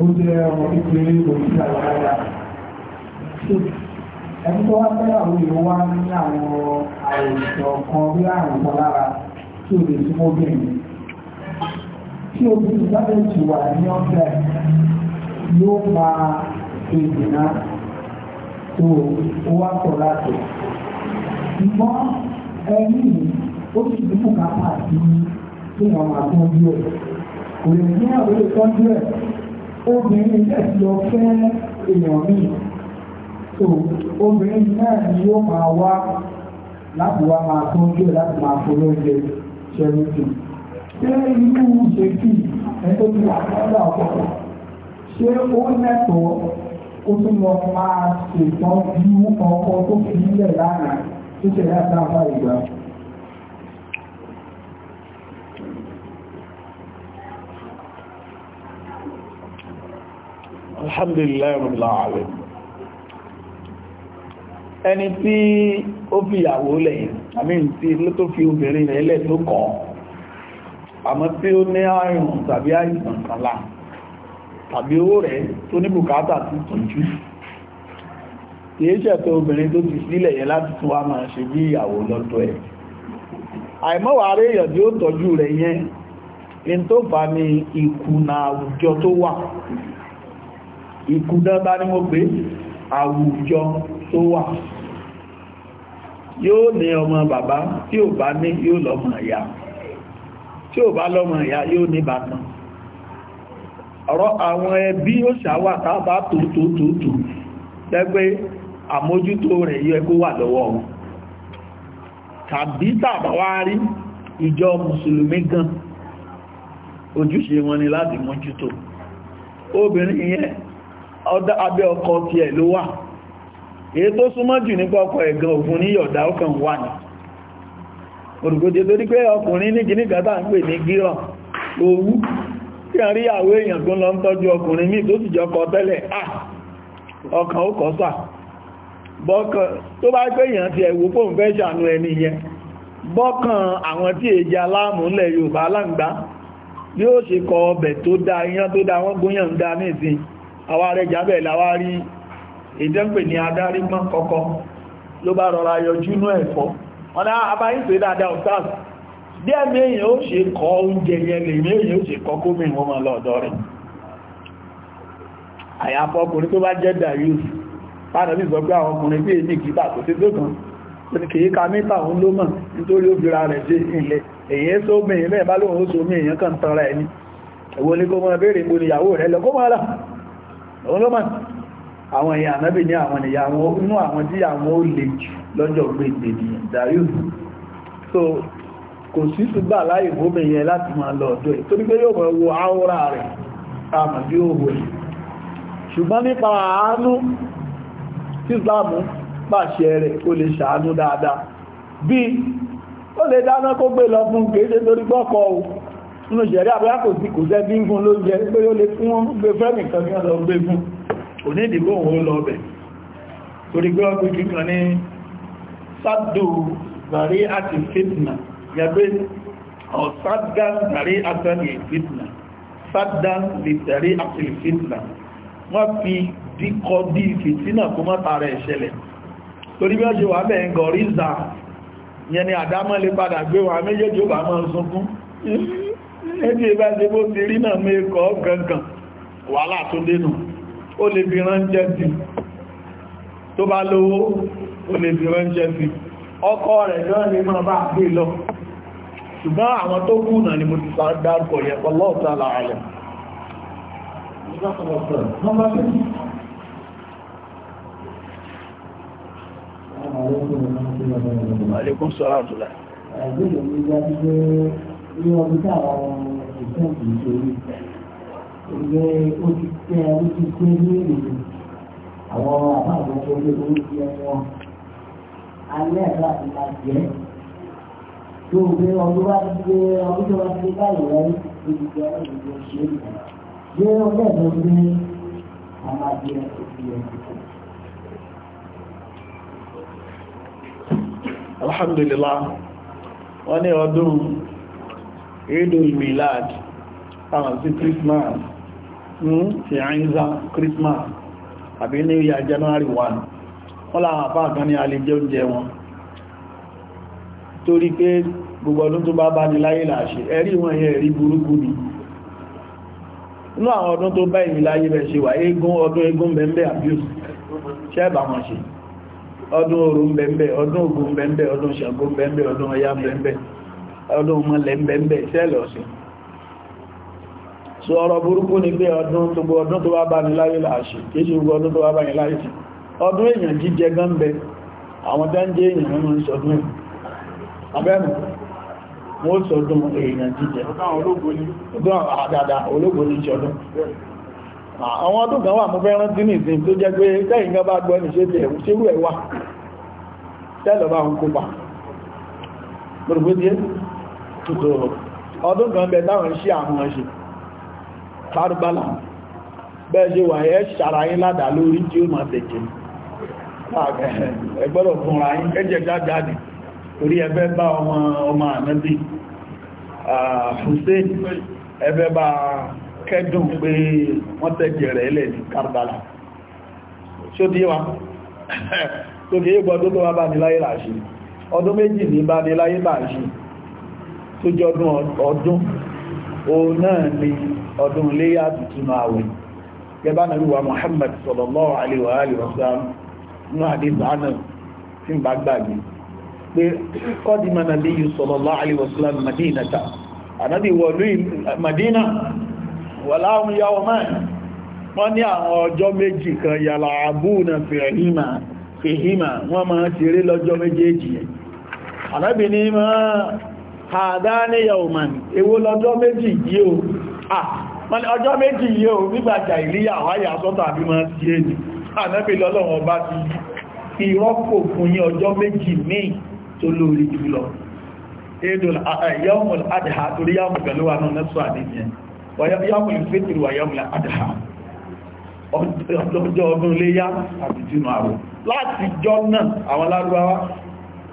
ó jẹ́ ọmọ kékeré orí àwárá ẹni tó wá fẹ́ àwọn èèyàn wá ní àwọn àìsàn kan bí àrùn kan lára tí ò lè súnmọ́ bẹ́ẹ̀ tí obìnrin sábẹ́ ti wà ní ọ̀sẹ̀ yóò máa ìdìnnà tó wá pọ̀ láti. Ìmọ̀ ẹni ó sì dúpọ̀ kápá sí kí wọ́n máa tọ́jú ẹ̀. Kò lè ní àwọn olè tọ́jú ẹ̀ obìnrin náà ti lọ fẹ́ èèyàn míì tó obìnrin náà ni yóò máa wá láti wá máa tó ojú ẹ̀ láti máa fowó oúnjẹ ṣẹ́rìtì ṣé inú ṣe kí ẹni tó ti wà lọ́dọ̀ ọ̀pọ̀ ṣé ó lẹ́tọ̀ọ́ ó tún lọ máa ṣètọ́jú ọkọ tó fi nílẹ̀ lánàá tó ṣẹlẹ̀ àtàwọn ìgbà. alhamdulillah rabbil alamin ẹni tí ó fi ìyàwó lẹ̀ àmì tí ló tó fi obìnrin rẹ̀ lẹ̀ tó kọ̀ àmọ́ tí ó ní àrùn tàbí àìsàn kan lá tàbí owó rẹ̀ tó ní bùkátà ti tọ́jú kì í ṣẹ̀tọ́ obìnrin tó ti sílẹ̀ yẹn láti tún wá máa ṣe bí ìyàwó lọ́dọ̀ ẹ̀ àìmọ́wàárẹ́ èèyàn tí ó tọ́jú rẹ̀ yẹn ní tó fà ní ìkùnà àwùjọ tó wà ìkúdán bá ní mo pé àwùjọ tó wà yóò ní ọmọ bàbá tí ò bá ní yóò lọ́mọ ìyá tí ò bá lọ́mọ ìyá yóò ní bàtàn ọ̀rọ̀ àwọn ẹbí ó ṣàwà tábà tó tó tó tó lẹ́gbẹ́ àmójútó rẹ̀ yẹ kó wà lọ́wọ́ wọn tàbí tàbá wá rí ìjọ mùsùlùmí gan ojúṣe wọn ni láti mójútó obìnrin yẹn ọdá abẹ́ ọkọ ti ẹ̀ ló wà èyí tó súnmọ́ jù nípa ọkọ ẹ̀gàn òfin ní yọ̀dá ọkàn wà ní olùgbòjé torí pé ọkùnrin ní kìíní ń pè ní gíràn owú kí a rí àwọ èèyàn tó lọ ń tọ́jú ọkùnrin míì tó sì jọ kọ tẹ́lẹ̀ ọkàn ó kọ́ sà ti àwa rẹ̀ jábẹ̀ láwá rí ìdẹ́pẹ̀ ní adarí mọ́ kọ́kọ́ ló bá rọra yọjú ní ẹ̀fọ́ wọ́n náà abáyíṣẹ́ ah, dáadáa ọ̀tàs bí ẹ̀mí èyàn ó ṣe kọ oúnjẹ yẹn lè mí èyàn ó ṣe kọ kómi wọn mọ́ lọ́ọ̀dọ́ rẹ̀ àyàfọ́kùnrin tó bá jẹ́ darius pàdàbí sọ pé àwọn ọkùnrin bí èdè kìtà kò sí tó kan kìí ka mítà òun ẹ̀wọ́n ní kó mọ́ bèèrè mo níyàwó rẹ̀ lọ kó mọ́ olómọ̀ àwọn èèyàn ànábì ní àwọn èèyàn inú àwọn tí àwọn ó lè jù lọ́jọ́ gbèdè nìyàn darius so kò sí ṣùgbà láì gómìn yẹn láti máa lọ ọ̀dọ́ ẹ̀ torí pé yóò mọ̀ wo áwòrà rẹ̀ àmà bí ó ẹ̀ ṣùgbọ́n nípa àánú tí islamu pàṣẹ rẹ̀ ó lè ṣàánú dáadáa bí ó lè dáná kó gbé lọ fún kèéṣe torí gbọ́kọ̀ nínú ìṣẹ̀rẹ́ àbúrá kò sí kò jẹ́ bí ń gún ló jẹ́ pé ó lè fún wọn gbé fẹ́mì kan ní ọ̀lọ́ gbé fún òní ìdìbò òun lọ bẹ̀ torí pé ọgbẹ́ kíkan ní sádò bàrí àti fitna yàgbé ọ̀sádán bàrí àti fitna sádán lè tẹ̀rí àti fitna wọ́n fi díkọ dí fìtínà kó má tààrẹ ìṣẹ̀lẹ̀ torí bí ó ṣe wà bẹ́ẹ̀ gọ̀ríza yẹn ni àdámọ́ lè padà gbé wa méjèèjì ó bá mọ́ sunkún ẹbí ẹbá ṣe bó ti rí náà mẹ́kọ̀ gangan wàhálà tó dénú ó lè fi ránṣẹ́ sí tó bá lówó ó lè fi ránṣẹ́ sí ọkọ rẹ̀ náà ni máa bá gbé lọ ṣùgbọ́n àwọn tó kú náà ni mo ti sá dárúkọ yẹ pọ̀lọ́ọ̀tà láàrẹ̀ Àlékún sọ́rọ̀ àtúlá. Àgbèrè ní ìgbà tí ó ní ọdún tí àwọn sẹ́ǹtì ìṣòro ìyẹ́ ó ti tẹ́ ó ti gbé ní ìlú àwọn àbá àwọn ọmọ olóko ó ti ẹnu wọn alẹ́ ẹ̀rọ àti máa jẹ́ tó o gbé ọdún bá ti gbé ọdún tó bá ti gbé báyìí rẹ ó ti jẹ́ ọdún tó ṣe é gbé ọdún ẹ̀rọ gbé àwọn àjẹ òkè ẹ̀kọ́. alhamdulillah wọ́n ní ọdún idul milad àwọn ah, sí Christmas ti hmm, àìzá Christmas àbí ní ìyà January 1 wọ́n láwọn àpá kan ní alẹ́jẹ́ oúnjẹ wọn torí pé gbogbo ọdún tó bá bá ní láyé làṣẹ ẹ̀rí wọn yẹ ẹ̀rí burúkú ni inú àwọn ọdún tó bá ìmì láyé rẹ̀ ṣe wà eégún ọdún eégún bẹ̀m̀bẹ̀ abuse ṣẹ́bà wọn ṣe ọdún orò bẹ̀m̀bẹ̀ ọdún Ògún bẹ̀m̀bẹ̀ ọdún Ṣàngó bẹ̀m̀bẹ̀ ọdún Ọya bẹ̀m̀bẹ̀ ọdún ọmọlẹ̀ bẹ̀m̀bẹ̀ sẹ́ẹ̀lì ọ̀sìn so ọ̀rọ̀ burúkú ni pé ọdún tó gbọ́ ọdún tó wá bá ní láyé láàṣì kéṣù gbọ́ ọdún tó wá bá ní láyé sí ọdún èèyàn jíjẹ gánbẹ àwọn dáńjẹ́ èèyàn nínú ìṣọdún abẹ́mù wọ́n sọdún èèyàn jíjẹ ológun ní ìṣọdún àwọn ọdún kan wà mú fẹ́ rántí ní ìsìn tó jẹ́ pé tẹ́yìn kan bá gbọ́ ní ṣe tẹ̀ ṣerú ẹ̀ tẹ́lọ bá ń kópa gbogbo díẹ̀ ọdún kan bẹ táwọn iṣẹ́ àwọn ẹ̀ṣẹ̀ Karbala bẹ́ẹ̀ṣe wà ẹ́ ṣàràyín ládà lórí tí ó máa tẹ̀kẹ́ ẹgbọ́dọ̀ fúnra yín kẹ́jẹ̀ jájáde torí ẹgbẹ́ bá ọmọ ọmọ ànábì Hussein ẹgbẹ́ bá kẹ́dùn pé wọ́n tẹ̀kẹ́ rẹ̀ ilẹ̀ ní Karbala ṣó tí wá tó kìí òun náà ni ọdún léyà tuntun àwẹ̀ gẹ́bá nàbí wa Muhammad sallallahu alaihi wa alihi wa sallam nínú àdéhùn àná tí ń bá gbàgbé pé kọ́dìmọ̀ nàbí yìí sallallahu alaihi wa sallam Madina ta ànábì wọ̀lú Madina wà láwọn yàwó máa wọ́n ní àdá ní yọ̀ọ̀màn ewó lọ́jọ́ méjì yìí o àmọ́ni ọjọ́ méjì yìí o nígbàjà ìlíyà wáyà sọ́tọ̀ àbí máa ti é ní ànẹ́bí lọ́lọ́wọ́ bá ti ìrọ́pò fún yí ọjọ́ méjì míì tó lórí jùlọ ọjọ́ ọdún léyá àti jùnú àrùn láti jọ náà àwọn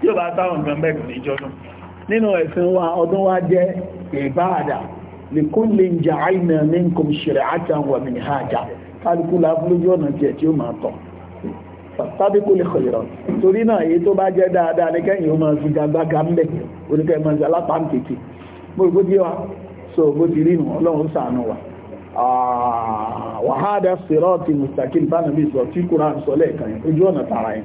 tí ó bá táwọn nǹkan bẹ́ẹ̀ ní ìjọ́dún nínú ẹ̀sìn wa ọdún wa jẹ́ ìbáàdà lè kún lè ń jà àìnà ní nǹkan ṣẹ̀rẹ̀ àti àwọn àmì àjà kálukú lábúlójú ọ̀nà jẹ́ tí ó máa tọ̀ tàbí kò lè kọ̀lẹ̀rọ̀ torí náà èyí tó bá jẹ́ dáadáa ní kẹ́yìn ó máa fi gagbága ń so bó ti rí nù ọlọ́run ṣàánú wa wàhádà sèrọ́ọ̀tì mùsàkín bá nàbí sọ tí kúrò à ń ojú ọ̀nà tààrà yẹn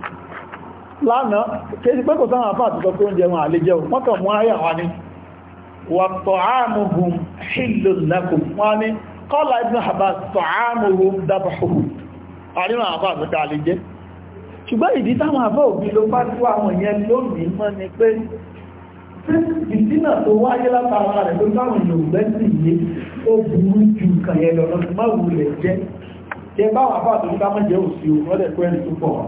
lánàá kéjì pẹ́kọ̀ sáwọn àfáà ti sọ pé oúnjẹ wọn àlejẹ́ wọ́n kàn mú ayà wá ní wàtọ̀ àmùhùn hìlò lẹ́kùn wọ́n ní kọ́lá ibn Abbas tọ̀ àmùhùn dábàhùn àríwọ̀n àfáà tó dáa lè jẹ́ ṣùgbọ́n ìdí táwọn àfáà òbí ló bá tó àwọn yẹn lónìí mọ́ ni pé ìdínà tó wáyé látara rẹ̀ tó táwọn Yorùbá sì yé ó burú ju jẹ́ òsì òun lọ́dẹ̀ pẹ́ẹ́lì tó pọ̀ wọn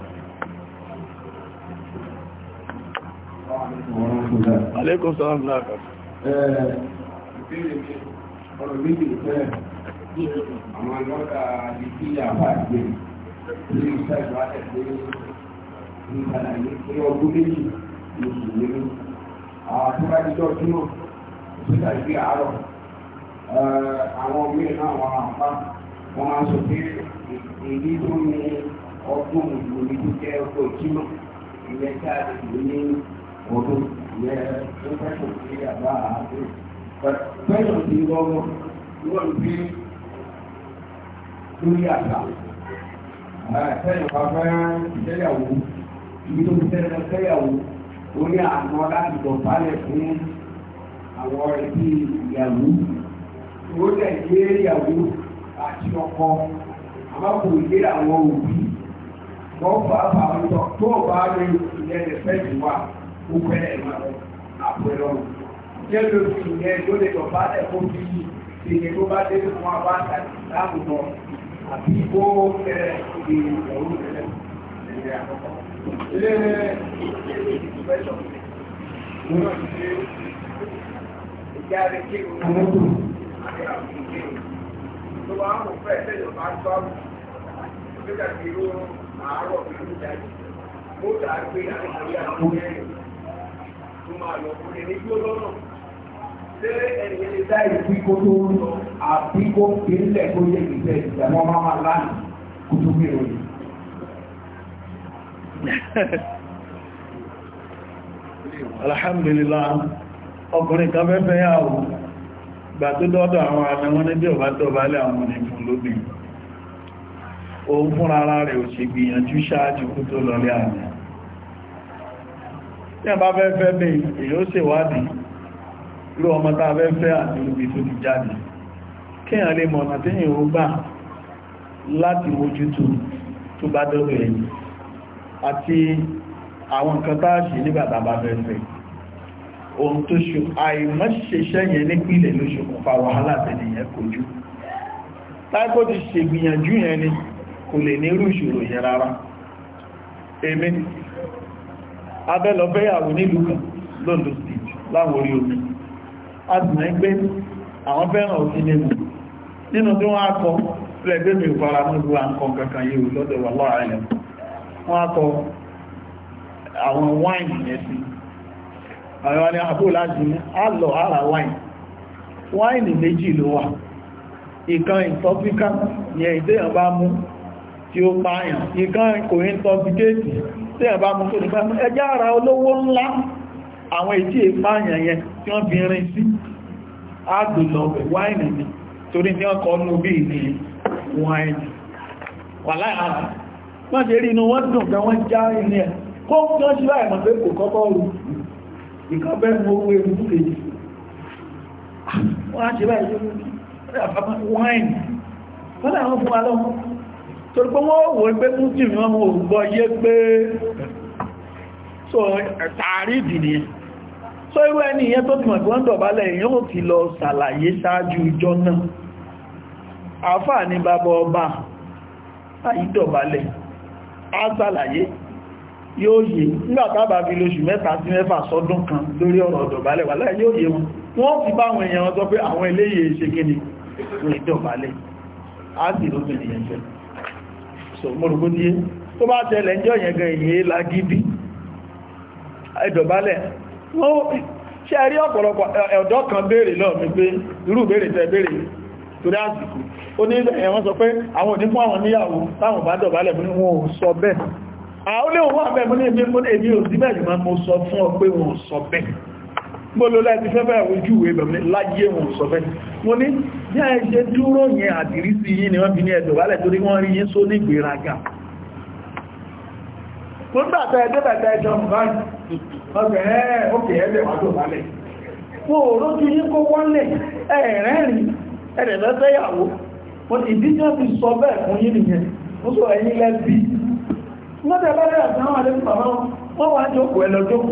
Àlékún sọ́rọ̀ ní àkà. Ìbéèrè mi, ọ̀rọ̀ méjì fẹ́ àwọn lọ́ta ìpínlẹ̀ àbájé ní ìṣẹ́ ìwádẹ̀ pé ní ìgbàlàyé pé ọdún méjì ní ìṣòwérú. Àwọn àtúbájíjọ́ túnmọ̀ síta ìgbé àárọ̀. Àwọn mìíràn náà wọn àpá wọn máa sọ pé èyí tó ní ọdún ìgbòmí tó jẹ́ ọkọ̀ ìjímọ̀ ìyẹn jáde ní mọ́tò yẹ ó fẹ́kọ̀ sí àbá àti pẹ̀lú ti lọ́wọ́ wọ́n fi lórí àṣà pẹ̀lú pàpẹ́ sẹ́yàwó ibi tó fi sẹ́yàwó sẹ́yàwó ó ní àná láti dọ̀bálẹ̀ fún àwọn ẹbí ìyàwó ó dẹ̀ yé ìyàwó àti ọkọ àmọ́ kò yé àwọn òbí wọ́n fà á fà á tó bá rí ìyẹn lè fẹ́ jù wá ó fẹ́rẹ̀ máa àpẹẹrẹ ọ̀run jẹ́ lórí ìyẹn ló lè lọ bá lẹ̀ fún bí ìṣèyẹ tó bá dé fún wa bá ta láàmú lọ àbí ó fẹ́rẹ̀ ṣe ìrọ̀rùn tẹ́lẹ̀ ẹ̀yẹ àkọ́kọ́. ilé ìfẹ́sọ̀ mo náà ti ṣe ìjà rẹ̀ kí o mọ̀ tó àti àwọn ìgbéyàwó tó bá ń fẹ́ tẹ́lẹ̀ bá ń tọ́ àbùkù nígbà tí irú àárọ̀ mi ń jáde mo àwọn ìgbéyàwó ló máa lọ kó lè ní gbó lọ́nà ṣé ẹ̀yìn lè dá ìdí kó tó ń lọ àbí kó fi alhamdulillah ọkùnrin kan fẹ́ fẹ́ yà wò gbà tó dọ́dọ̀ àwọn àmì wọn níbi ọ̀bá tó bá lé àwọn onífún lóbìn òun fúnra ara rẹ̀ ò ṣe gbìyànjú ṣáájú kó tó lọlé àmì tí a bá fẹ́ fẹ́ mi èyí ó ṣèwádìí ló ọmọ tá a fẹ́ fẹ́ àti olùbí tó ti jáde kéèyàn lè mọ̀nà tí èyàn ó gbà láti mójútó tó bá dọ́dọ̀ ẹ̀yìn àti àwọn nǹkan tá a ṣe nígbà tá a bá fẹ́ fẹ́ ohun tó ṣe àìmọ́ṣiṣẹ́ yẹn nípìnlẹ̀ ló ṣokùnfà wàhálà tẹ̀lẹ̀yẹn kojú táìkó ti ṣègbìyànjú yẹn ni kò lè ní irú ìṣòro yẹn rárá abẹ́lọ́fẹ́yàwó nílùú kan lóòlù sí láwọn orí omi a ti mẹ́ pé àwọn fẹ́ràn òsì nínú nínú tí wọ́n akọ lẹ́gbẹ́ mi fara nígbò àǹkan kankan yìí lọ́dọ̀ wà láàrin wọ́n akọ àwọn wáìnì yẹn sí àwọn ni àbò láti ní àlọ́ ara wáìnì wáìnì méjì ló wà ìkan intoxicant ni èyí tí èèyàn bá mú tí ó pààyàn ìkan kò intoxicate tí ẹ̀bá mú tó nípa mú ẹjá ara olówó ńlá àwọn ètí ìpáyàn yẹn tí wọ́n fi rin sí àgbìlọ̀bẹ̀ wáìnì ni torí ní ọkọ̀ ọ̀nà bí ní wáìnì wà láìhàrá wọ́n ṣe rí inú wọ́n dùn pé wọ́n já ilé ẹ̀ kó tí wọ́n ṣe láì pé kò kọ́kọ́ rú ìkọ́bẹ́ mú owó ewu kejì ah, wọ́n á ṣe láì wáìnì wọ́n torí pé wọ́n wò pé muslim wọn ò gbọ́ yé pé so tààrí ìdìní so irú ẹni ìyẹn tó túnmọ̀ ìgbọ́n dọ̀bálẹ̀ èyàn ò ti lọ ṣàlàyé ṣáájú ìjọ náà àfà ní bàbá ọba àìdọ̀bálẹ̀ á ṣàlàyé yóò yé nígbàtàbà fi lóṣù mẹ́ta sí mẹ́fà sọ́dún kan lórí ọ̀rọ̀ dọ̀bálẹ̀ wà láì yóò yé wọn wọ́n fi bá àwọn èèyàn sọ pé àwọn eléyìí ṣe kí ni ìdọ̀bálẹ̀ á sì lóṣù ìyẹn fẹ́ so mọ́rùgbódíé tó bá tẹ́lẹ̀ jọ yẹn gan èyí lágídí ẹ̀dọ̀bálẹ̀ ṣe rí ọ̀pọ̀lọpọ̀ ẹ̀dọ́ kan béèrè lọ mi pé irú béèrè tẹ́ béèrè torí àsìkò ó ní ẹ̀wọ́n sọ pé àwọn òní fún àwọn níyàwó táwọn bá dọ̀bálẹ̀ mú wọn ò sọ bẹ́ẹ̀ àwọn olè òun bẹ́ẹ̀ mú ní èmi ò sí bẹ́ẹ̀ gbọ́lọ́lá ti fẹ́ bẹ̀rẹ̀ ojú ìwé bẹ̀rẹ̀ láyé wọn sọ fẹ́ mo ní bí a ṣe dúró yẹn àdìrí sí yí ni wọ́n bí ní ẹ̀dọ̀ wálẹ̀ torí wọ́n rí yí só ní ìgbéraga wọ́n tẹ̀lẹ́rẹ́ àtàwọn àdébùbà wọn wọ́n wá jókòó ẹlọ́jókòó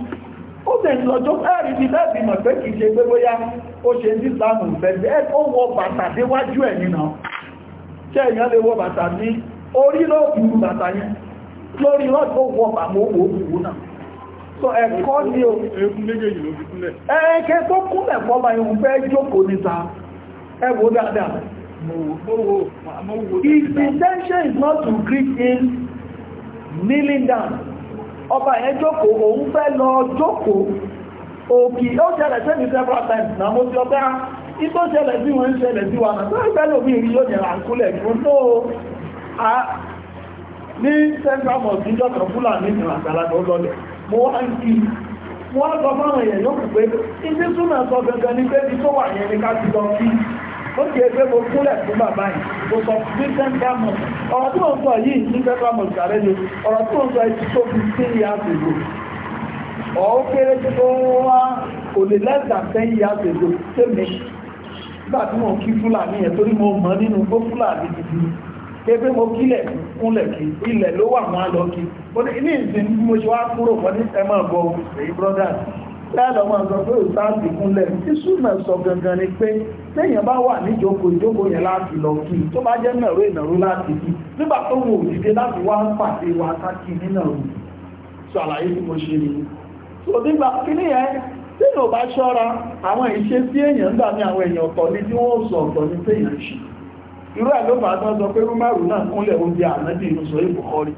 ó sì lọ́jọ́ ẹ̀rí ti bẹ́ẹ̀ bímọ̀ pé kìí ṣe pé bóyá ó ṣe ní ìsìlámù ìfẹ́ ó wọ bàtà déwájú ẹ̀ nínà ṣé èèyàn lè wọ bàtà ní orí bàtà yẹn lórí lọ́dún wọ bàmó wò wò náà o is not to greet him kneeling down ọba yẹn jókòó òun fẹ́ lọ jókòó òkì ó ṣẹlẹ̀ sẹ́mi several times na mo ti ọpẹ́ ìtò ṣẹlẹ̀ sí wọn ṣẹlẹ̀ sí wọn náà pẹ́lú mi rí yóò a ní central mosque fúlàní àgbàlagbà mo wá ń kí wọ́n sọ yóò pé sọ ní pé ibi tó wà yẹn ní ká ó ti ẹgbẹ́ mo kúlẹ̀ fún bàbá yìí mo sọ christian diamond ọ̀rọ̀ tí mo ń sọ yìí ní federal mosque ààrẹ ni ọ̀rọ̀ tí mo ń sọ yìí tó fi sí ìyá àgbègbè ọ̀ọ́ kéré tí ó wá kò lè less than ten years ago tèmi nígbà tí mo ń kí fúlàní yẹn torí mo mọ̀ nínú gbó fúlàní gidi pé mo kílẹ̀ kúnlẹ̀ kí ilẹ̀ ló wà wọn lọ kí ní ìsìn mo ṣe wá kúrò wọn ní ẹ̀mọ́ lẹ́ẹ̀lọ́ máa sọ pé òtáàbì kúnlẹ̀ tí súnmọ̀ sọ gangan ni pé téèyàn bá wà níjókòó ìjókòó yẹn láti lọ kí tó bá jẹ́ nàró ìnàró láti kí nígbà tó òdìdé láti wá pàdé wa káàkiri nínàró sọ àlàyé tí mo ṣe ni yẹn tí bá ṣọ́ra àwọn ìṣe èèyàn ń àwọn èèyàn ọ̀tọ̀ tí wọ́n sọ ọ̀tọ̀ ṣe irú ẹ̀ ló fà á sọ pé rúmẹ́rù náà kúnlẹ̀ oúnjẹ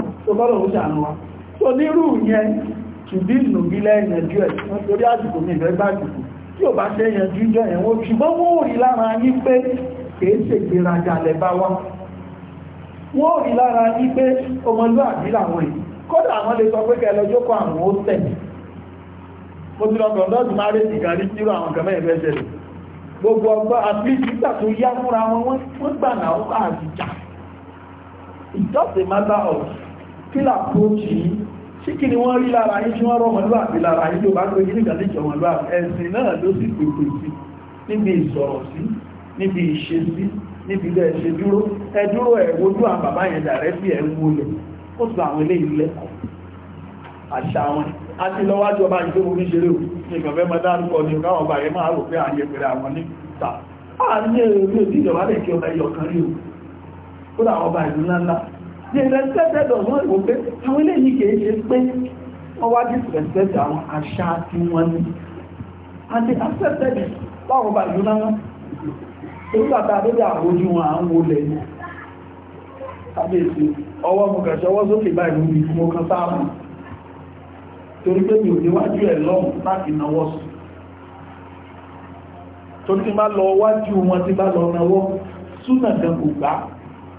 tó kọ́lọ̀ ó ṣàánú wa tó nírú yẹn tùbí ìnùbí lẹ́yìn ẹjú ẹ̀ torí àsìkò ní ìfẹ́ bá jùkú tí ò bá ṣe yanjú jọ ẹ̀wọ̀n ṣùgbọ́n wọ́n ò rí lára yín pé kìí ṣègbéraga lẹ bá wá wọ́n ò rí lára yín pé ọmọlúàbí làwọn yìí kódà àwọn lè sọ pé kẹlọjọ́ kọ àwọn ó tẹ̀ mo ti lọ gbọ̀ndọ́ ti máa rí ìgbàrí tí ó àwọn kẹmẹ́ ìfẹ́ ṣẹlẹ̀ gbogbo ọgbọ́ àfíìsìgbà tó yá fúnra wọn wọ́n gbà náà ó bá àjíjà it's just a kílà pọ́ọ̀kì sí kí ni wọ́n rí lára yín tí wọ́n rọ́ ọmọlúwàbí lára yín tó bá pé kí nìkan níjọ ọmọlúwàbí ẹ̀sìn náà ló sì pèpè sí níbi ìsọ̀rọ̀ sí níbi ìṣe sí níbi ilé ẹ̀ṣẹ̀ dúró ẹ dúró ẹ̀ wojú àwọn bàbá yẹn dàrẹ́ sí ẹ̀ ń wọlé ó sọ àwọn ilé ilé àṣà wọn a ti lọ wájú ọba ìgbé orí ṣeré ò ní ìgbàfẹ́ mọ́ dárúkọ ní ọgáwọn ọba yẹn máa rò pé àyẹ pẹ̀lẹ̀ àwọn ní ta àárín èrò ìjọba lè kí ọba ẹyọ kan rí ò kó dà ọba ìlú ńláńlá the respected of wọn wò pé àwọn eléyìí kìí ṣe pé wọ́n wá disrespect àwọn àṣà tí wọ́n ní and they accepted it báwọn bá ìlú náà orúkọ àtàdébẹ̀ àwójú wọn à ń wọlé ní kábíyèsí ọwọ́ mú kàṣẹ ọwọ́ sókè báyìí mú ìfún ọkàn sáàmù torí pé mi ò níwájú ẹ̀ lọ́hùn láti náwọ́ sùn torí tí bá lọ wájú wọn tí bá lọ náwọ́ súnà gan kò gbá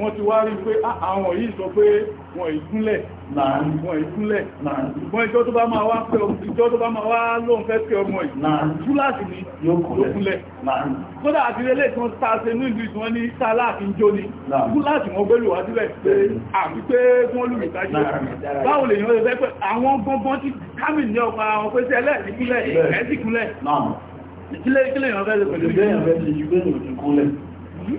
wọ́n ti wá rí pé ah, àwọn yìí sọ pé wọ́n ìgúnlẹ̀ wọ́n ìgúnlẹ̀ ṣùgbọ́n ìjọ tó bá máa wá pé ìjọ tó bá máa wá lóun fẹ́ pé ọmọ yìí túláàsì ni lókúnlẹ̀ kódà àti ilé tí wọ́n tàṣe ní ìlú ìtàn ní tàláàfin jó ni túláàsì wọ́n gbélù wá sílẹ̀ pé àfi pé wọ́n lù ìtajú báwo lè yàn fẹ́ pé àwọn gbọ́ngbọ́n ti kámì ní ọkọ̀ àwọn pèsè ẹlẹ́ẹ̀kúnlẹ̀ ẹ̀ẹ́sìkúnlẹ̀ hmm?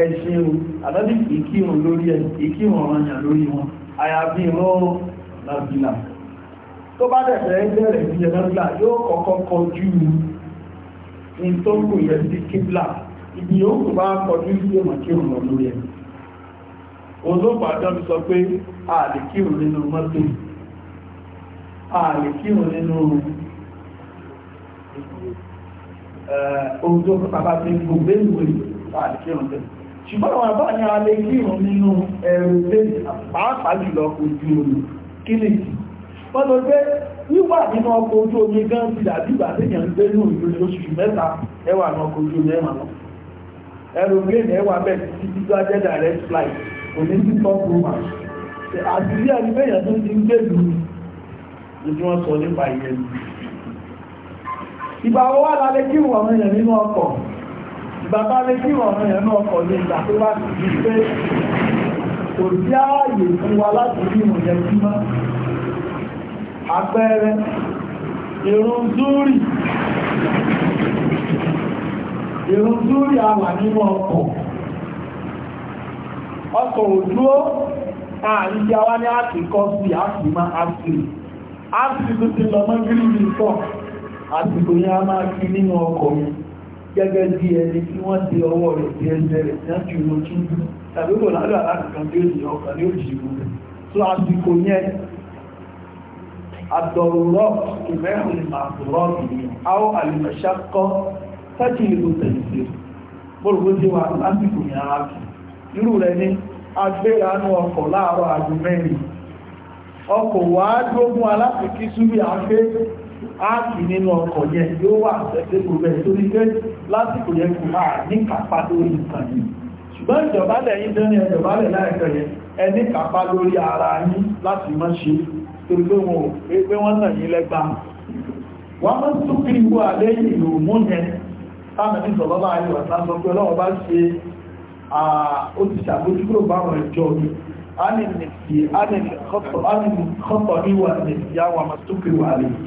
ẹ̀ṣẹ́ o àdábì ìkírùn lórí ẹ̀ ìkírùn ọ̀ranyà lórí wọn àyàbí ìrọ́rùn nàbìlà tó bá dẹ̀fẹ́ bẹ̀rẹ̀ sí ẹ̀nàbìlà yóò kọ́kọ́ kọjú ní tó kù yẹ sí kíblà ibi yóò kù bá kọjú sí èmọ̀ kírùn lọ lórí ẹ̀ olóòpàdán sọ pé a lè kírùn nínú mọ́tò a lè kírùn nínú ohun tó bàbá ti gbogbo ìwé a lè kírùn ṣùgbọ́n àwọn àbá ní alẹ́ kírùn nínú ẹ̀rù lẹ́yìn pàápàá jùlọ ojú omi kí ni kí wọ́n lọ pé wíwà nínú ọkọ̀ ojú omi gan ti dàbí ìgbà téèyàn ń gbé ní òyìnbó ní oṣù mẹ́ta ẹwà ní ọkọ̀ ojú omi ẹ̀mà lọ ẹ̀rù lẹ́yìn ẹwà bẹ́ẹ̀ ti ti gbá jẹ́ direct flight òní ti tọ́ kúrúmà àti ilé ẹni bẹ́yàn tó ti ń gbé lù ní tí wọ́n sọ nípa ìyẹn ìbà wà lálẹ́ kírùn àwọn èèyàn nínú ọkọ̀ bàbá rẹ̀ kí ọ̀rọ̀ yẹn náà kọ̀ ní ìgbà tó bá ti di pé wa láti rí ìmọ̀ yẹn sí mọ́ àpẹẹrẹ zúrì zúrì a wà nínú ọkọ̀ ọkọ̀ òdúró ààrin tí a wá ní àkíkọ́ sí ti lọ mọ́ gírí nìkan gẹ́gẹ́ bí ẹni tí wọ́n ti ọwọ́ rẹ̀ tí ẹgbẹ́ rẹ̀ tí a jù ló tún jù tàbí kò lálẹ́ aláàkàn tí ó sì ọkàn ní òjìgbò rẹ̀ tó àsìkò yẹn àdọ̀rọ̀ ìmẹ́rin àdọ̀rọ̀ ìyẹn áwọ́ àlùmọ̀ṣákọ́ tẹ́jì ìlú tẹ̀sí áàkì nínú ọkọ̀ yẹn yóò wà tẹ́sẹ̀ kò bẹ̀rẹ̀ torí pé lásìkò yẹn kò máa ní kàpá lórí nǹkan yìí ṣùgbọ́n ìjọbalẹ̀ yìí dẹ́rin ẹjọbalẹ̀ láìpẹ́ yẹn ẹ ní kàpá lórí ara yín láti má ṣe torí pé wọn ò pé wọ́n nà yín lẹ́gbà wọ́n mọ́ ni, ìwọ alẹ́ ìlú mú yẹn táwọn ní sọ̀lọ́lá ayé wà sáà sọ pé ọlọ́wọ́ bá ṣe ní nìkì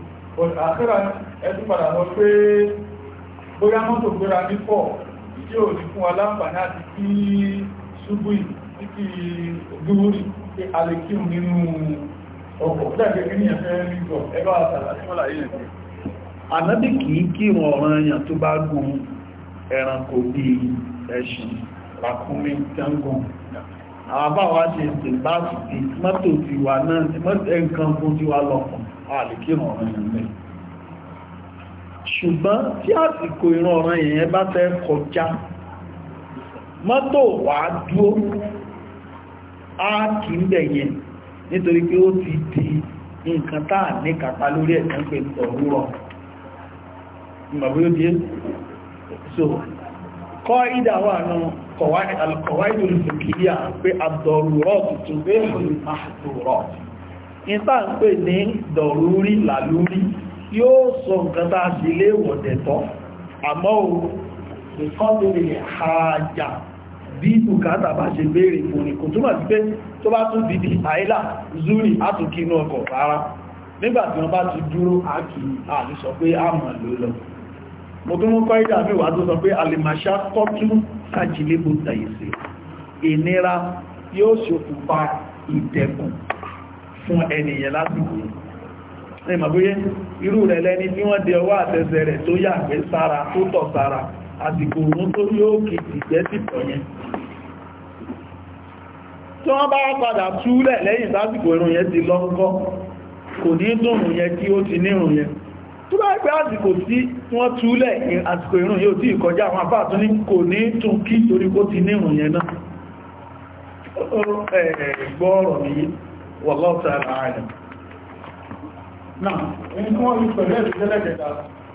àṣírà ẹ̀sùn padà lọ pé bóyá mọ́tò gbéra ní pọ̀ tí ò ní fún aláǹfààní àti kí ṣubú ìtìkì dúúrì pé a lè kí nínú ọkọ̀ dàgbé kí ní ẹ̀fẹ́ rígbọ̀ ẹgbà àtàlà tí wọ́n láyé ẹ̀fẹ́ ànábì kì í kí wọn ọ̀ràn èèyàn tó bá gun ẹranko bí ẹṣin ràkúnmí tangun àwọn bá wá ṣe ìsìn bá sì ti mọ́tò tiwa náà nǹkan fún tiwa lọ́kùn àlèkírùn ọ̀rọ̀ yẹn mẹ́ ṣùgbọ́n tí àsìkò ìran ọ̀rọ̀ yẹn bá fẹ́ kọjá mọ́tò wà dúró á kì ń bẹ̀yẹn nítorí pé ó ti di nǹkan táà ní kàpá lórí ẹ̀kan pé tọ̀rúrọ̀ kọ́ ìdà wà náà kọ̀wáìdù ìfòkìlíà pé àdọ̀rùrọ̀ tuntun bẹ́ẹ̀ ìta ń pè ní dọ̀rúrí làlúrí yóò sọ nǹkan tá a sì lé wọ̀dẹ̀tọ́ àmọ́ o ìkọ́bìnrin àjà bí bùkátà bá ṣe béèrè fún ní kò túnmọ̀ sí pé tó bá tún dìdì àìlà zuri átùkí inú ọkọ̀ rárá nígbàtí wọ́n bá ti dúró àkì àti sọ pé àmà ló lọ mo tún mún kọ́ ìjà mẹ́wàá tó sọ pé alìmàṣá kọ́tú kàjìlébò tàìsì ìnira yóò ṣokùnfà ìdẹ̀kùn fún ẹnìyàn lásìkò ní ìmọ̀bóyé irú rẹ̀ lẹ́ni tí wọ́n dé ọwọ́ àtẹsẹ̀ rẹ̀ tó yàgbé sára tó tọ̀ sára àsìkò òun tó yóò kìtì jẹ́ sípọ̀ yẹn tí wọ́n bá padà túlẹ̀ lẹ́yìn sásìkò irun yẹn ti lọ́ńkọ́ kò ní dùnrùn yẹn kí ó ti nírùn yẹn tó bá pẹ́ àsìkò wallahu ta'ala a'lam náà ẹni tí wọ́n rí pẹ̀lú ẹ̀rí tẹ́lẹ̀kẹta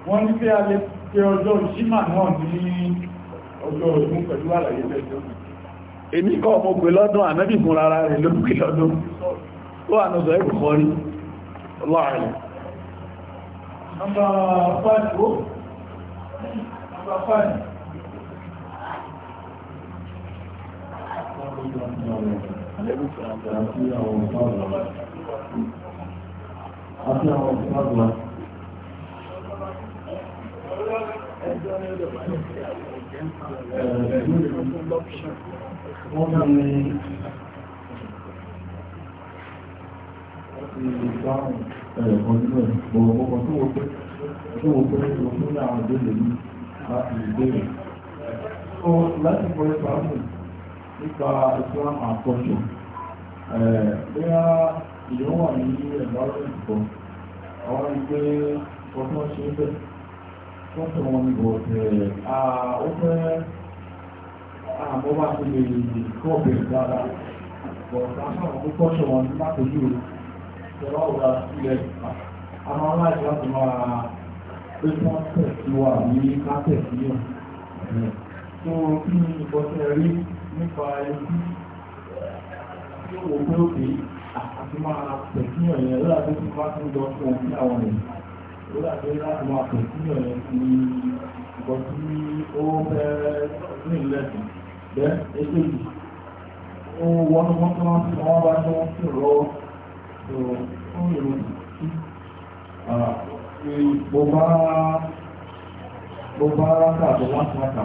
wọ́n ní pé a lè pé ọjọ́ ìjímà náà ní ọjọ́ ìgbún pẹ̀lú àlàyé tẹ́jọ́ èmi kọ́ ọmọ pè lọ́dún ànábì fún rárá rẹ̀ ló pè lọ́dún Thank you àti àwọn ìfàgbà àti àwọn ìfàgbà wọ́n ní ìdáhùn ẹ̀ẹ̀kan nílẹ̀ bọ̀wọ̀bọ̀kan tó wọ́n pé tó wọ́n pé lọ fún àwọn ìbéèrè ní láti ìbéèrè láti pọ̀ ìpàápù nípa Islam àkọ́jọ bóyá ìyẹn wà ní environment kan àwọn ìgbé ọdún ṣe ń bẹ̀ tọ́tọ̀ wọn ni bò tẹ̀ ó fẹ́ àmọ́ bá ti lè kọ́ bẹ̀rẹ̀ dáadáa bọ̀ sáfà ó kọ́ṣọ̀ wọn ní látòjú ìjọba òwúrọ̀ sílẹ̀ àwọn aláìsí láti máa pé wọ́n tẹ̀ sí wa ní kátẹ̀ sí yàn tó kí ni ìbọ̀tẹ̀ rí nípa ẹbí eh, tí ó pé òkè àti máa pẹ̀kíyàn yẹn lọ́la tó ti máa tún lọ fún òkè àwọn rẹ̀ lọ́la tó yẹ láti máa pẹ̀kíyàn yẹn ti nǹkan tí ó fẹ́ ní ìlẹ́sìn bẹ́ẹ̀ eléyìí ó wọnú mọ́tò wọn tí wọ́n bá ní wọ́n sì rọ fún ìròyìn tí mo bá mo bá rákà tó wọ́n ti rákà.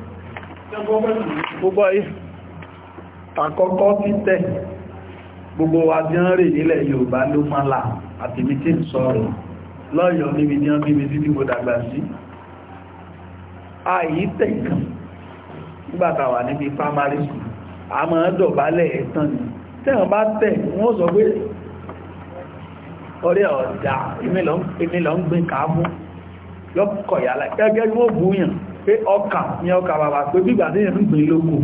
gbogbo àkọ́kọ́ títẹ̀ gbogbo wa tí ń rè nílẹ̀ Yorùbá ló máa là àti mi tí ń sọ̀rọ̀ lọ́yọ̀ níbi ní ọmọ ibi títí mo dàgbà sí ààyí tẹ̀kàn nígbàtà wà níbi primary school a máa dọ̀bálẹ̀ ẹ̀tàn ni tẹ́wọ̀n bá tẹ̀ wọ́n sọ pé ọ̀rẹ́ ọ̀dà ìmìlọ̀ ń gbìn káàbù lọ́kọ̀ọ̀yà gẹ́gẹ́ bí wọ́n bú yàn pé ọkà ní ọkà bàbà pé bígbà tí yẹn ń gbé lóko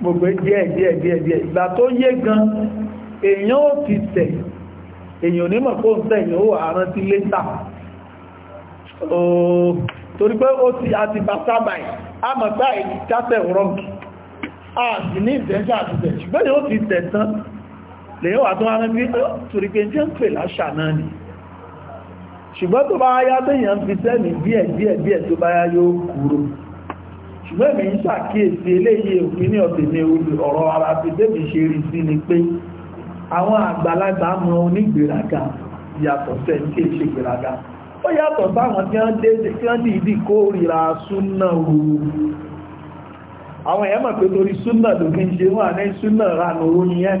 gbogbo díẹ̀ díẹ̀ díẹ̀ díẹ̀ ìgbà tó yé gan èèyàn ò ti tẹ̀ èèyàn onímọ̀ kó ń tẹ̀ èèyàn ó àrán sí létà torí pé ó ti àti bàtàbàì a mọ̀ pé àìkásẹ̀ rọ́ǹkì a sì ní ìtẹ́ṣà àti tẹ̀ ṣùgbọ́n yóò ti tẹ̀ tán lèyàn wà tó àrán sí torí pé jẹ́ ṣùgbọ́n tó bá yá tẹ́yàn fi sẹ́mì díẹ̀ díẹ̀ díẹ̀ tó bá yá yóò kúrò ṣùgbọ́n mi ń ṣàkíyèsí eléyìí òfin ní ọ̀tẹ̀ ní ọ̀rọ̀ ara ti débi ṣe rí sí ni pé àwọn àgbàlagbà mọ onígbèraga yàtọ̀ sẹ́ ní kìí ṣe gbèraga ó yàtọ̀ sáwọn tí wọ́n dé tí wọ́n dìídì kórìíra súnà ooru àwọn èèyàn mọ̀ pé torí súnà lòfin ṣe wà ní súnà ranú oyin yẹn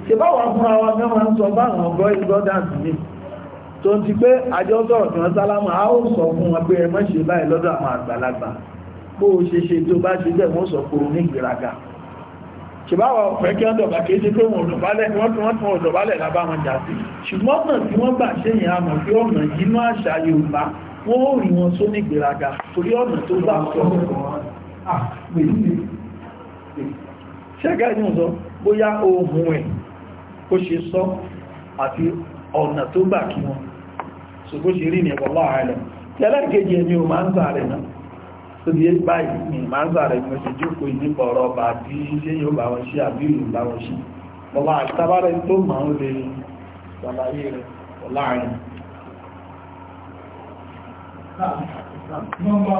ṣèbáwà fún àwọn mẹ́wàá ń sọ báwọn ọgọ́ ìgbọ́dáǹtì ní tó ń ti pé àjọ sọ̀rọ̀ tí wọ́n sálámà á ó sọ fún wọn pé ẹ má ṣe báyìí lọ́dọ̀ àwọn àgbàlagbà bó o ṣe ṣe tó bá ṣe bẹ́ẹ̀ wọ́n sọ pé o ní ìgbéraga ṣèbáwà ọ̀pẹ́ kí wọ́n dọ̀bà kí ṣe pé wọ́n dọ̀bálẹ̀ wọ́n fi wọ́n fi wọ́n dọ̀bálẹ̀ lábá wọn jà sí ṣùgbọ́n náà tí wọ́n gbà ṣe yẹn àmọ̀ pé ọ̀nà yínú àṣà Yorùbá wọ́n ó rí wọn só ní ìgbéraga torí ọ̀nà tó ah, ṣẹ́gá ìdí sọ bóyá ohun ẹ̀ ó ṣe sọ àti ọ̀nà tó gbà kí wọn so bó ṣe rí ní ẹ̀wọ̀lá ààrẹ tí ẹlẹ́gẹ̀ẹ́jì ẹni o máa ń sàárẹ̀ náà tó bí báyìí ni máa ń sàárẹ̀ ní oṣù jókòó nípa ọ̀rọ̀ ọba àti ṣé yóò bá wọn ṣe àbí ìlú bá wọn ṣe bọ́lá àtàbárẹ̀ tó máa ń lè ṣàlàyé rẹ̀ ọ̀lá ààrẹ Number,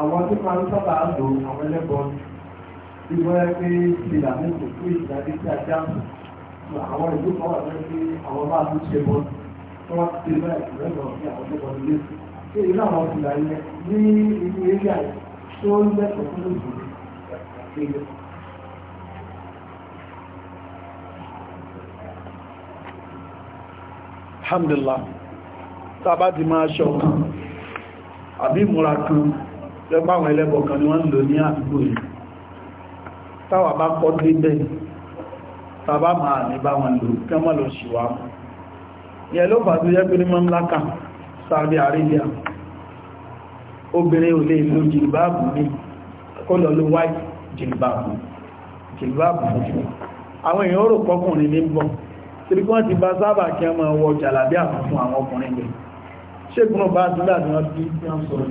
àwọn tí máa ń sábà ń lo àwọn ẹlẹ́bọn tí wọ́n yẹ pé ìlà ní kò fún ìdílé tí a já àwọn ìlú kan wà lẹ́yìn pé àwọn máa tún ṣe bọ́ tí wọ́n ti ṣe bẹ́ẹ̀ lẹ́gbọ̀n sí àwọn ẹlẹ́bọn ilé ṣé ìlú àwọn ìlà yẹn ní inú eré àyè tó ń lẹ́tọ̀ọ́ fún òṣèlú alhamdulillah tá a bá ti máa ṣọ̀kan àbí ìmúra kan lọ́pàá àwọn ẹlẹ́bọ̀ kan ni wọ́n ń lò ní àdúgbò yìí táwà bá kọ́ débẹ̀ tàbá máa ní bá wọn lò kí wọ́n lọ ṣìwà mú yẹ ló fà tó yẹ pé ní mọ́mláka Saudi Arabia obìnrin ò lè lo ní kó lọ lo white jìlbáàbù jìlbáàbù fún àwọn èèyàn rò pọ́kùnrin ní bọ́ tí wọ́n ti bá sábà kí wọ́n wọ jàlàbí àfún àwọn ọkùnrin rẹ̀ ṣégun bá dúdà ní wọ́n bí wọ́n sọ̀rọ̀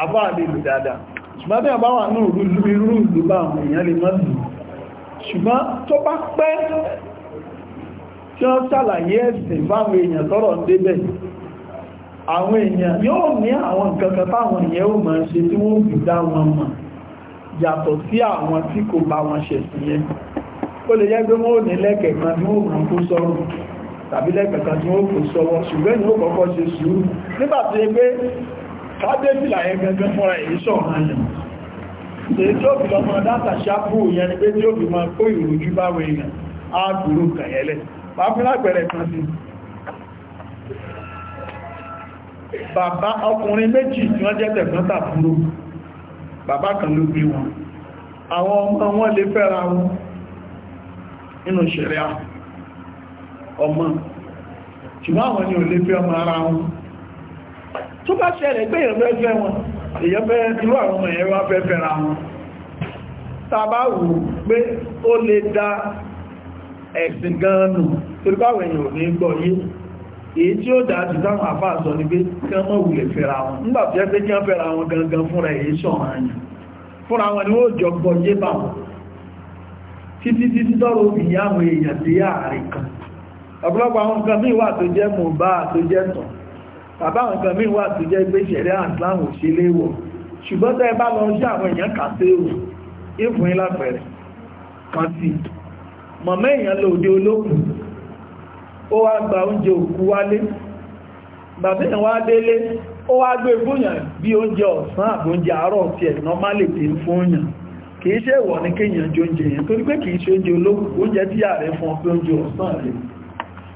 àbá àlèlù dáadáa ṣùgbọ́n tí a bá wà ní irú ìlú bá àwọn èèyàn lè mọ́ sí ṣùgbọ́n tó bá pẹ́ tí wọ́n ṣàlàyé ẹ̀sìn fáwọn èèyàn tọ́rọ̀ débẹ̀ àwọn èèyàn yóò ní àwọn kankan táwọn èèyàn ó máa ṣe tí wọ́n fi dá wọn mọ̀ yàtọ̀ sí àwọn tí kò bá wọn ṣẹ̀sìn yẹn tàbí lẹ́gbẹ̀kan tí wọ́n kò sọwọ́ ṣùgbọ́n ni ó kọ́kọ́ ṣe sùúrù nígbà tí ó pé kábẹ́bìlà yẹn gangan fọ́ra èyí sọ̀rọ̀ èyí tí ó fi lọ mọ́ dáta ṣápù yẹn ni pé tí ó fi máa kó ìròjú báwọ èèyàn á gùrù kàyẹ́lẹ̀ bá fún lápẹẹrẹ kan sí bàbá ọkùnrin méjì tí wọ́n jẹ́ tẹ̀gbọ́n tàbúrò bàbá kan ló gbé wọn àwọn ọmọ wọn lè fẹ́ra wọn nínú ṣẹ̀rẹ́ àwọn ọmọ ṣùgbọ́n àwọn ni ò lè fi ọmọ ara wọn tó bá ṣẹlẹ̀ pé èèyàn fẹ́ fẹ́ wọn èèyàn fẹ́ irú àwọn ọmọ ẹ̀yẹ wá fẹ́ fẹ́ra wọn tàbá wù pé ó lè da ẹ̀sìn gan nù torí báwọn èèyàn ò ní gbọ́ yé èyí tí ó dá ti táwọn àfáà sọ ní pé kí wọ́n wùlẹ̀ fẹ́ra wọn nígbà tí ẹ́ pé kí wọ́n fẹ́ra wọn gangan fúnra èyí sọ̀rọ̀ àyàn fúnra wọn ni ó jọ gbọ́ yé báwọn títí títí tọ́rọ òbí yáwọn èèyàn dé ààrẹ kan ọ̀pọ̀lọpọ̀ àwọn nǹkan míì wà tó jẹ́ mọ̀bá tó jẹ́ tàn bàbá àwọn nǹkan míì wà tó jẹ́ pé ṣẹ̀rẹ́ àtìláhùn ṣe léwọ̀ ṣùgbọ́n tẹ́ bá lọ sí àwọn èèyàn kàtẹ́wò ìfún ilá pẹ̀rẹ̀ kan sí mọ̀mọ́ èèyàn lòdì olókùn ó wá gba oúnjẹ òkú wálé bàbá èèyàn wá délé ó wá gbé fúnyàn bí oúnjẹ ọ̀sán àbí oúnjẹ àárọ̀ tiẹ̀ nọ́málì tí ń fúnyàn kìí ṣe ìwọ̀ ní kéèyàn jóúnjẹ yẹn torí pé kìí ṣe oúnjẹ olókùn oúnjẹ tí ààrẹ fún ọ oúnjẹ ọ̀sán rẹ̀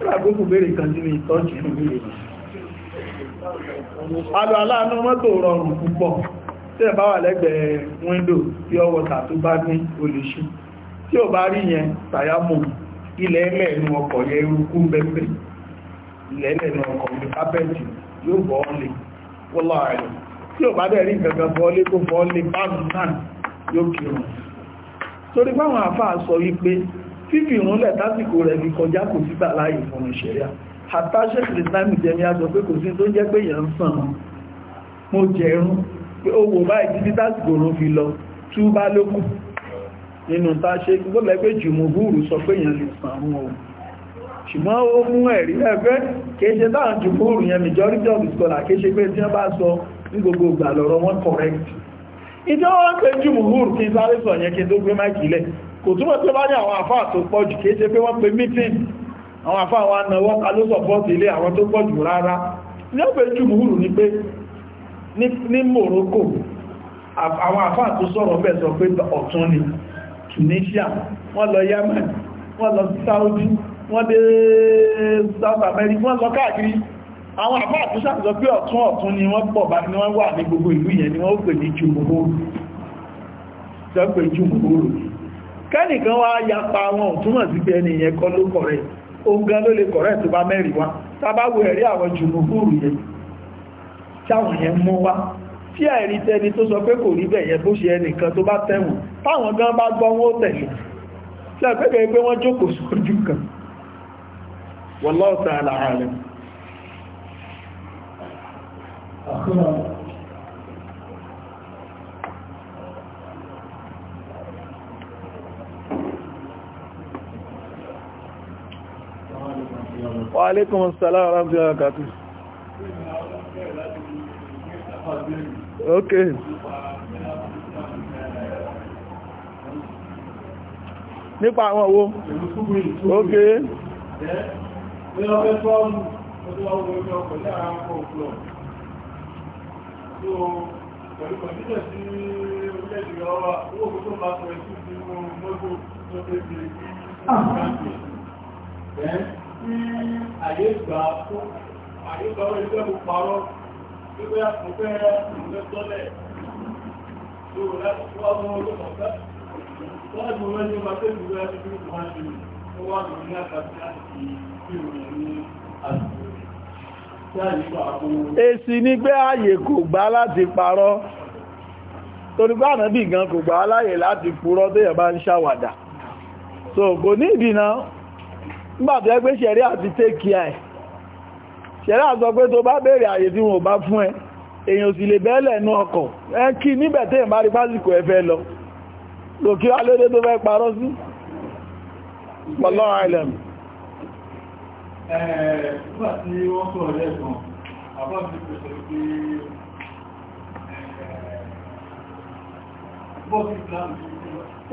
ìgbàgbókù bèèrè kan sí ní ìtọ́jú alò aláàánú mọ́tò rọrùn púpọ̀ tí ẹ bá wà lẹ́gbẹ̀ẹ́ wíńdò tí ó wọ́ta tó bá ní olùṣí tí ò bá rí yẹn tàyámù ilẹ̀ ẹlẹ́ẹ̀nù ọkọ̀ yẹ irúkú ọkọ̀ fífi ìrúnlẹ̀ tásìkò rẹ̀ bí kọjá kò sígbà láàyè fún ìṣẹ̀ríà àtàṣẹ́ kìrìtàmì jẹmi àjọ pé kò sí tó jẹ́ pé yẹn ń sàn mo jẹ̀rún pé ó wò báyìí títí tásìkò rún fi lọ tú bá lókù nínú táṣẹ́ tó lẹ́gbẹ́ jùmọ̀ húrù sọ pé yẹn lè sàn rún ohun ṣùgbọ́n ó mú ẹ̀rí ẹgbẹ́ kéṣe táwọn jùmọ̀ húrù yẹn majority of scholar kéṣe pé tí wọ́n bá sọ ní gbogbo ìgbà lọ́rọ̀ correct ìjọ́ wọ́n pé jùmọ̀ húrù kí n sáré sọ yẹn kí n tó gbé máìkì lẹ̀ kò túnmọ̀ tí ó bá ní àwọn àfáà tó pọ̀ jù kéé ṣe pé wọ́n pe meeting àwọn àfáà wọn náwọ́ ta ló ilé àwọn tó pọ̀ jù rárá ní ó pé jùmúhùrù ní pé ní Morocco àwọn àfáà tó sọ̀rọ̀ bẹ́ẹ̀ pé ọ̀tún ni Tunisia wọ́n lọ Yemen wọ́n lọ Saudi wọ́n dé South America lọ káàkiri àwọn pé ọ̀tún ọ̀tún ni wọ́n pọ̀ bá ní wọ́n wà ní gbogbo kẹ́nìkan wá yapa wọn túnmọ̀ sí pé ẹni yẹn kọ́ ló kọ̀rẹ́ ohun gan ló lè kọ̀rẹ́ tó bá mẹ́rin wá tàbáwò ẹ̀rí àwọn jùmùkúrù yẹn táwọn yẹn mú wá tí ẹ̀rí tẹni tó sọ pé kò rí bẹ̀ yẹn bó ṣe ẹnìkan tó bá tẹ̀wọ̀n táwọn gan bá gbọ́ wọn ó tẹ̀lé lẹ́pẹ́gẹ́ pé wọ́n jókòó sójú kan wallahu ta'ala alim Wa alaikum assalam wa rahmatullahi wa barakatuh. Okay. Nípa àwọn owó. Okay tí àyè gbà fún àyè gbà wọ́n ẹgbẹ́ mú parọ́ wípé àkùnfẹ́ ìwé tọ́lẹ̀ lóòrò láti fún ọmọ olóòfẹ́ wọ́n Èsì ni pé ààyè kò gbà láti parọ́ torí bá gan kò gbà láyè láti purọ́ tó yẹ̀ bá ń ṣàwàdà so kò ní ìdínà nígbàtí ẹgbẹ́ ṣẹ̀rí àti tẹ́kì ẹ̀ ṣẹ̀rí àsọ pé tó bá béèrè àyè tí wọ́n bá fún ẹ èèyàn sì lè bẹ́ẹ̀lẹ̀ inú ọkọ̀ ẹ kí níbẹ̀ tẹ́ ìbá rí pásìkò ẹ̀fẹ́ lọ lòkí alóde tó fẹ́ parọ́ sí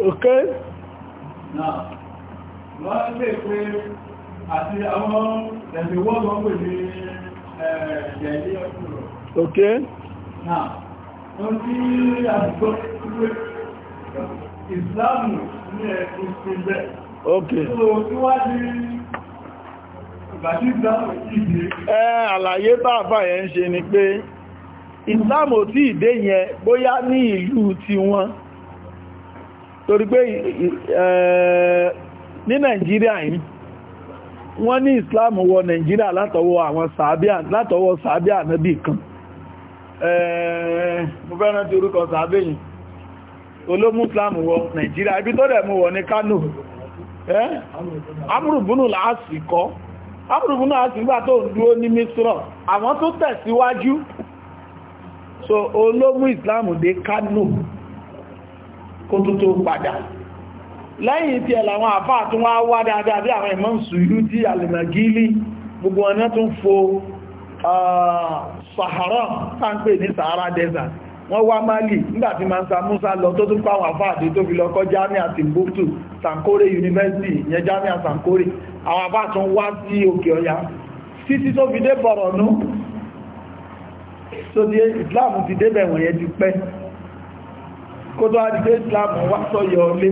Okay. Now, wọ́n lè pé àti àwọn ẹ̀mí wọ́n lọ so tí wá ní ìbàdí ìsìláàmù ìdí. ẹ àlàyé bá àbá yẹn ń ṣe ni pé ìsìláàmù tí ìdé yẹn bóyá ní ìlú tiwọn torí pé ní Nigeria yìí wọ́n ní islam wọ Nigeria látọwọ́ àwọn sàábíà kan mo fẹ́ rántí orúkọ sàábé yìí wọ Nigeria ibi tó mú wọ ní kano amúrùbúnù láàsì kọ́ amúrùbúnù láàsì nígbà tó dúró ní misra àwọn tó tẹ̀síwájú so olómú islam dé Kano kó tó tó padà lẹ́yìn tí ẹ̀lẹ̀ àwọn àfáà tún wá wá dáadáa bí àwọn Imam Suyuti alìmọ̀gílì gbogbo ọ̀nà tún fo Sahara tánpé ní Sahara desert wọ́n wá Mali nígbàtí Mansa Musa lọ tó tún pàwọn àfáàdé tó fi lọ́kọ́ Jami'a Timbuktu Sankore University ìyẹn Jami'a Sankore àwọn àfáà tún wá sí òkè ọya títí tó fi dé Borno tó di Islam ti débẹ̀ wọ̀nyẹn ti pẹ́ kó tó á di pé Islam wá sọ́yọ̀ ọlé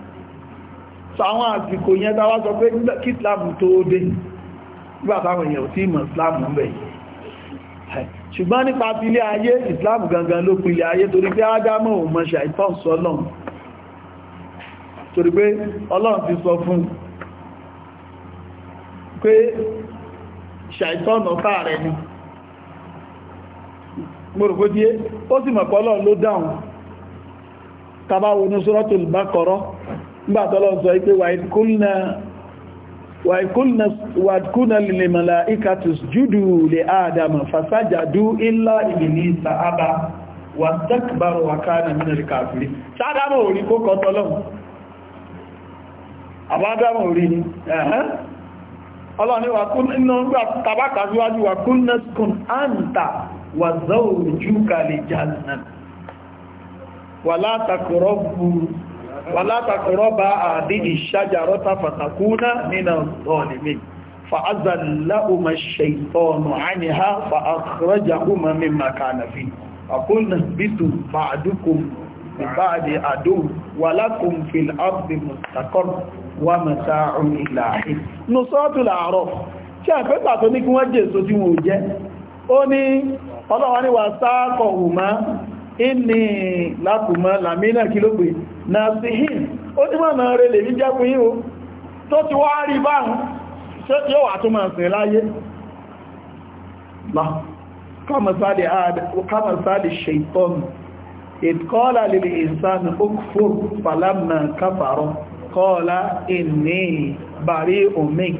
so àwọn àsìkò yẹn tàwà sọ pé kí islam tó dé nígbà táwọn èèyàn tí ìmọ̀ islam ń bẹ̀ ṣùgbọ́n nípa ti ilé ayé islam gangan ló pilẹ̀ ayé torí pé ágámọ̀ ò mọ̀ ṣàìtàn sọ́lọ̀ torí pé ọlọ́run ti sọ fún pé ṣàìtàn ọ̀tá rẹ̀ ni gbòrògbò díẹ̀ ó sì mọ̀ pé ọlọ́run ló gbàtọ́lọ́ sọ ipé wàìkúnnà lè mọ̀lá ikatus jùdù lè ádámà fàsájàdú ilá ìbìní sàábà wà tẹ́kbàrò wà káàdà mínàrí kàfìrí sáàdámà orí kó kọtọ́lọ́ àbádámà orí ni ọlọ́ni tàbákà síwájú wàkúnnà skun áǹtà wà zọ́ wàlátàkùrọ́bà àdí ìṣàjàrọ́ta fàtàkúnà nínà zọ́ọ̀lìmí fa'azàláhùmà ṣeìtọ́nù àníhá fa'akọrọjàhùmà mímà kànàfí àkúnnà bítù fa'adúkùn ìbáàdì àdó wàlákùn fil ardi mustaqar wa mata'un ilahi nù sọ́ọ̀tù làárọ̀ tí a fẹ́ pàtó ní kí wọ́n jẹ́ èso tí wọ́n jẹ́ ó ní ọlọ́wọ́ ni wà na sihin o ní mọ̀mọ̀ rẹ̀ lè ní jẹ́kùn yíò tó ti wá rí báhùn tó tí ó wà tó máa sìn láyé kàmàsáàdì ṣeitọ́n ìtkọ́lá lè ìsàn okfur falamna kafaro omik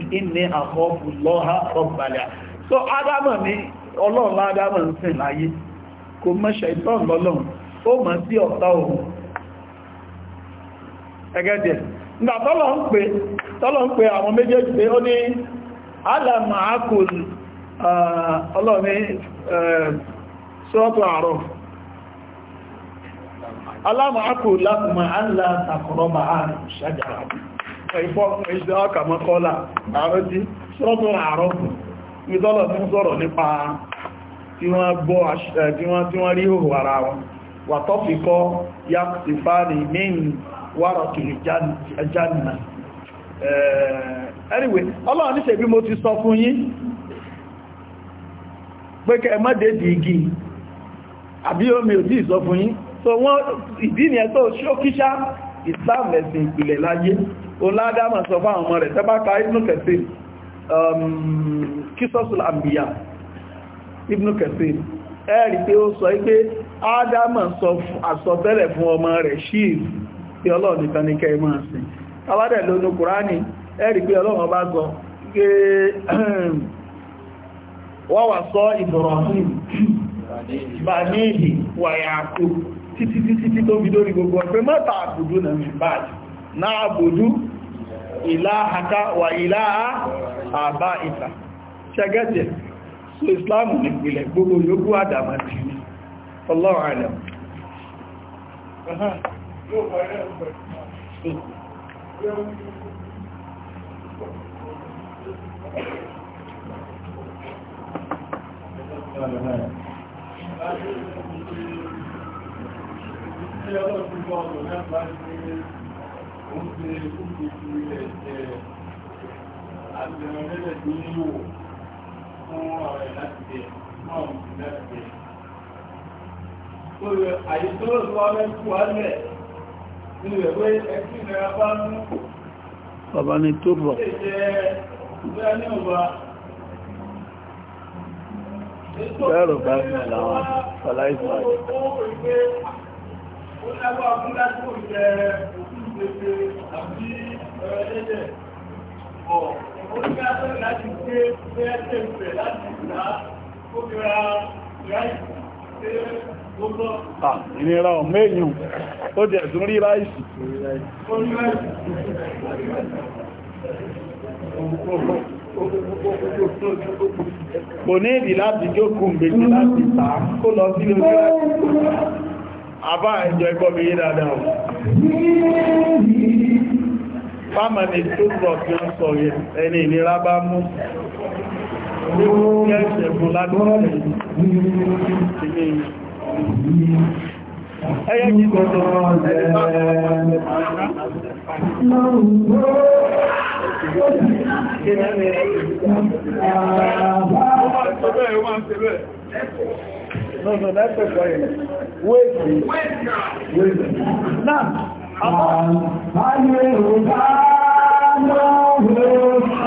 lọ́ha so adámọ̀ ní ọlọ́run adámọ̀ ń sìn láyé kò mọ́ lọ́lọ́run ó mọ́ sí ọ̀tá ẹgẹ́dẹ̀ nígbà tọ́lọ̀ ń pè tọ́lọ̀ ń pè àwọn méjèèjì pé ó ní ma ọlọ́ni sọ́tọ̀ àrọ̀ alàmàákùn lákùnmà alàtàkùnrọ̀mà àrùn ṣàjára ẹ̀fọ́ ìṣẹ́ ọkàmọ́kọ́lá àrọ́jí sọ́tọ̀ wárọ̀kìlì jánà eh, anyway ọlọ́run ní ṣebí mo ti sọ fún yín pé kẹ mọ́dé di igi àbí so wọ́n ìdí ni ẹ̀tọ́ ṣókíṣá Islam ẹ̀sìn ìpìlẹ̀ láyé oládámà sọ fún àwọn ọmọ rẹ̀ tẹ́bákà Ibn Kathir kísọ́sùl àmìyà Ibn Kathir ẹ̀rí pé ó sọ pé ádámà sọ pé ọlọ́run nìkan ní kẹ́ máa sìn tàwádẹ̀ lónú kùránì ẹ̀rí pé ọlọ́run bá gọ pé wọ́n wà sọ Ibrahim bàníhì títí títí tó gbogbo na náà gbogbo yóò àdàmà tìí Àyíkọ́ ló wọ́n mẹ́kú wá mẹ́ Bàbá ni tó rọ̀. Bẹ́rù bá ní àwọn Fàláìsìmọ̀. Ó lágbà fún láti ó jẹ òkú ìgbèsè àbí ẹ̀ẹ́dẹ̀. Ọ̀, ó ní ká sọ́rọ̀ láti gbé bẹ́ẹ̀ tẹ́ ìfẹ̀ láti ìgbà ó fi ra ìráìsì ìnira ọ̀mẹ́yìn ó jẹ́ ẹ̀sùn rí ráìsì kò ní ìdí láti jókòó méjì láti ta kó lọ sí lórí àbá ìjọ ẹgbọ́ mi yí dáadáa fámàlì tó sọ fi ń sọ ẹni ìnira bá mú ní ó ń kẹ́ ìṣẹ̀gùn lágbọ́n ẹyẹ jí gbọ́dọ̀ No, no, that's the point. Wait. Wait. Wait. Now, àwọn àyè òbá lọ́wọ́.